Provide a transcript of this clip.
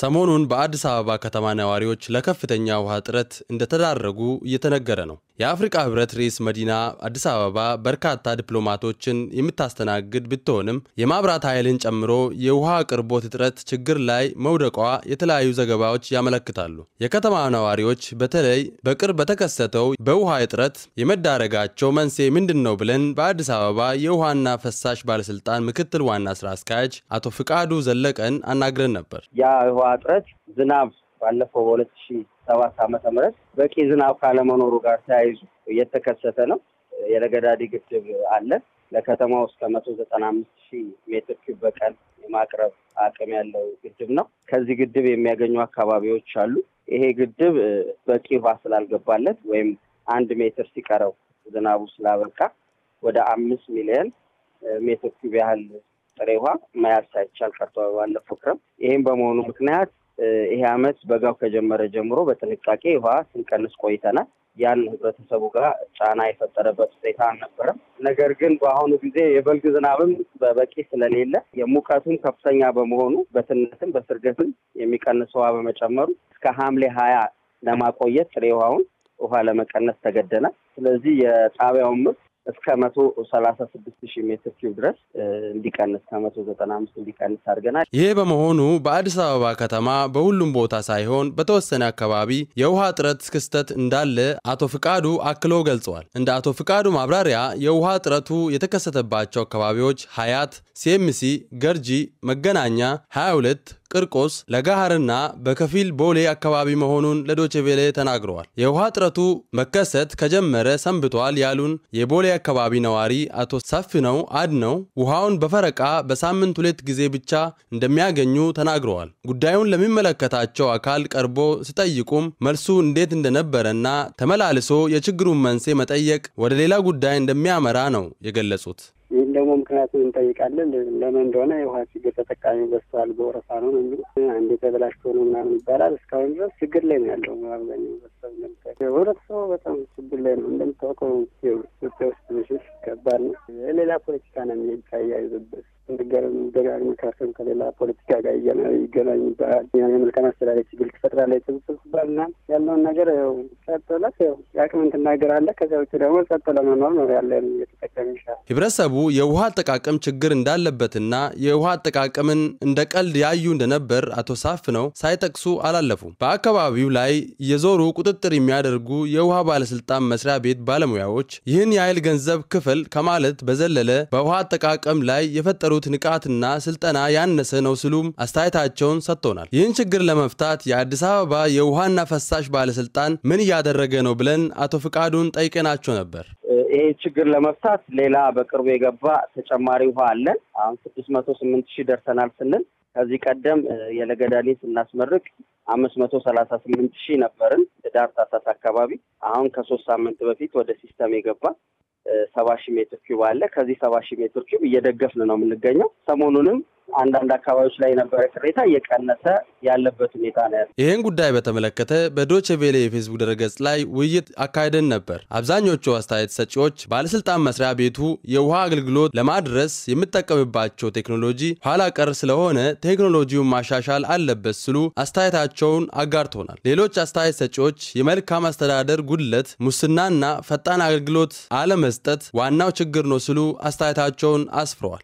ሰሞኑን በአዲስ አበባ ከተማ ነዋሪዎች ለከፍተኛ ውሃ እጥረት እንደተዳረጉ እየተነገረ ነው። የአፍሪቃ ህብረት ርዕስ መዲና አዲስ አበባ በርካታ ዲፕሎማቶችን የምታስተናግድ ብትሆንም የማብራት ኃይልን ጨምሮ የውሃ አቅርቦት እጥረት ችግር ላይ መውደቋ የተለያዩ ዘገባዎች ያመለክታሉ። የከተማ ነዋሪዎች በተለይ በቅርብ በተከሰተው በውሃ እጥረት የመዳረጋቸው መንስኤ ምንድን ነው ብለን በአዲስ አበባ የውሃና ፈሳሽ ባለስልጣን ምክትል ዋና ስራ አስኪያጅ አቶ ፍቃዱ ዘለቀን አናግረን ነበር። ያ የውሃ እጥረት ዝናብ ባለፈው በሁለት ሺህ ሰባት ዓመተ ምህረት በቂ ዝናብ ካለመኖሩ ጋር ተያይዞ እየተከሰተ ነው። የለገዳዲ ግድብ አለ። ለከተማ ውስጥ ከመቶ ዘጠና አምስት ሺህ ሜትር ኪዩብ በቀን የማቅረብ አቅም ያለው ግድብ ነው። ከዚህ ግድብ የሚያገኙ አካባቢዎች አሉ። ይሄ ግድብ በቂ ውሃ ስላልገባለት ወይም አንድ ሜትር ሲቀረው ዝናቡ ስላበቃ ወደ አምስት ሚሊዮን ሜትር ኪዩብ ያህል ጥሬ ውሃ መያዝ ሳይቻል ቀርቶ ባለፈው ክረምት ይህም በመሆኑ ምክንያት ይሄ አመት በጋው ከጀመረ ጀምሮ በጥንቃቄ ውሃ ስንቀንስ ቆይተናል። ያን ህብረተሰቡ ጋር ጫና የፈጠረበት ሁኔታ አልነበረም። ነገር ግን በአሁኑ ጊዜ የበልግ ዝናብም በበቂ ስለሌለ የሙቀቱም ከፍተኛ በመሆኑ በትነትም በስርገትም የሚቀንስ ውሃ በመጨመሩ እስከ ሐምሌ ሀያ ለማቆየት ጥሬ ውሃውን ውሃ ለመቀነስ ተገደናል። ስለዚህ የጣቢያውን ምርት እስከ መቶ ሰላሳ ስድስት ሺህ ሜትር ኪዩብ ድረስ እንዲቀንስ ከመቶ ዘጠና አምስት እንዲቀንስ አድርገናል። ይህ በመሆኑ በአዲስ አበባ ከተማ በሁሉም ቦታ ሳይሆን በተወሰነ አካባቢ የውሃ እጥረት ክስተት እንዳለ አቶ ፍቃዱ አክሎ ገልጸዋል። እንደ አቶ ፍቃዱ ማብራሪያ የውሃ እጥረቱ የተከሰተባቸው አካባቢዎች ሀያት፣ ሲኤምሲ፣ ገርጂ፣ መገናኛ 22 ቅርቆስ፣ ለጋሃርና በከፊል ቦሌ አካባቢ መሆኑን ለዶቼቬሌ ተናግረዋል። የውሃ እጥረቱ መከሰት ከጀመረ ሰንብቷል ያሉን የቦሌ አካባቢ ነዋሪ አቶ አድ አድነው ውሃውን በፈረቃ በሳምንት ሁለት ጊዜ ብቻ እንደሚያገኙ ተናግረዋል። ጉዳዩን ለሚመለከታቸው አካል ቀርቦ ሲጠይቁም መልሱ እንዴት እንደነበረና ተመላልሶ የችግሩን መንስኤ መጠየቅ ወደ ሌላ ጉዳይ እንደሚያመራ ነው የገለጹት። ይህን ደግሞ ምክንያቱ እንጠይቃለን። ለምን እንደሆነ የውሃ ችግር ተጠቃሚ በስተዋል በወረፋ ነው የሚሉ አንዴ ተበላሽቶ ነው ምናምን ይባላል። እስካሁን ድረስ ችግር ላይ ነው ያለው አብዛኛው ህብረተሰብ። ለምሳሌ ህብረተሰቡ በጣም ችግር ላይ ነው እንደምታውቀው ኢትዮጵያ ውስጥ ብሽሽ ከባድ ነው። ሌላ ፖለቲካ ነው የሚሄድ የሚታያይዙበት እንድገርም ደጋግመህ ካሰብክ ከሌላ ፖለቲካ ጋር ይገናኝባል። የመልካም አስተዳደር ችግር ትፈጥራለህ ስብስብ ሲባልና ያለውን ነገር ው ጸጥለት ብለህ ው የአቅምን ትናገራለህ። ከዚያ ውጭ ደግሞ ጸጥ ለመኖር ነው ያለን እየተጠቀም ይሻል። ህብረተሰቡ የውሃ አጠቃቀም ችግር እንዳለበትና የውሃ አጠቃቀምን እንደ ቀልድ ያዩ እንደነበር አቶ ሳፍ ነው ሳይጠቅሱ አላለፉም። በአካባቢው ላይ የዞሩ ቁጥጥር የሚያደርጉ የውሃ ባለስልጣን መስሪያ ቤት ባለሙያዎች ይህን የኃይል ገንዘብ ክፍል ከማለት በዘለለ በውሃ አጠቃቀም ላይ የፈጠሩ የፈጠሩት ንቃትና ስልጠና ያነሰ ነው ሲሉም አስተያየታቸውን ሰጥቶናል። ይህን ችግር ለመፍታት የአዲስ አበባ የውሃና ፈሳሽ ባለስልጣን ምን እያደረገ ነው ብለን አቶ ፍቃዱን ጠይቀናቸው ነበር። ይህ ችግር ለመፍታት ሌላ በቅርቡ የገባ ተጨማሪ ውሃ አለን። አሁን ስድስት መቶ ስምንት ሺህ ደርሰናል ስንል ከዚህ ቀደም የለገዳሌ ስናስመርቅ አምስት መቶ ሰላሳ ስምንት ሺህ ነበርን ዳር ታሳት አካባቢ አሁን ከሶስት ሳምንት በፊት ወደ ሲስተም የገባ ሰባ ሺህ ሜትር ኪዩብ አለ። ከዚህ ሰባ ሺህ ሜትር ኪዩብ እየደገፍን ነው የምንገኘው። ሰሞኑንም አንዳንድ አካባቢዎች ላይ የነበረ ቅሬታ እየቀነሰ ያለበት ሁኔታ ነው ያለ። ይህን ጉዳይ በተመለከተ በዶቼ ቬሌ የፌስቡክ ድረገጽ ላይ ውይይት አካሄደን ነበር። አብዛኞቹ አስተያየት ሰጪዎች ባለስልጣን መስሪያ ቤቱ የውሃ አገልግሎት ለማድረስ የምጠቀምባቸው ቴክኖሎጂ ኋላ ቀር ስለሆነ ቴክኖሎጂውን ማሻሻል አለበት ስሉ አስተያየታቸውን አጋርቶናል። ሌሎች አስተያየት ሰጪዎች የመልካም አስተዳደር ጉድለት፣ ሙስናና ፈጣን አገልግሎት አለመስጠት ዋናው ችግር ነው ስሉ አስተያየታቸውን አስፍረዋል።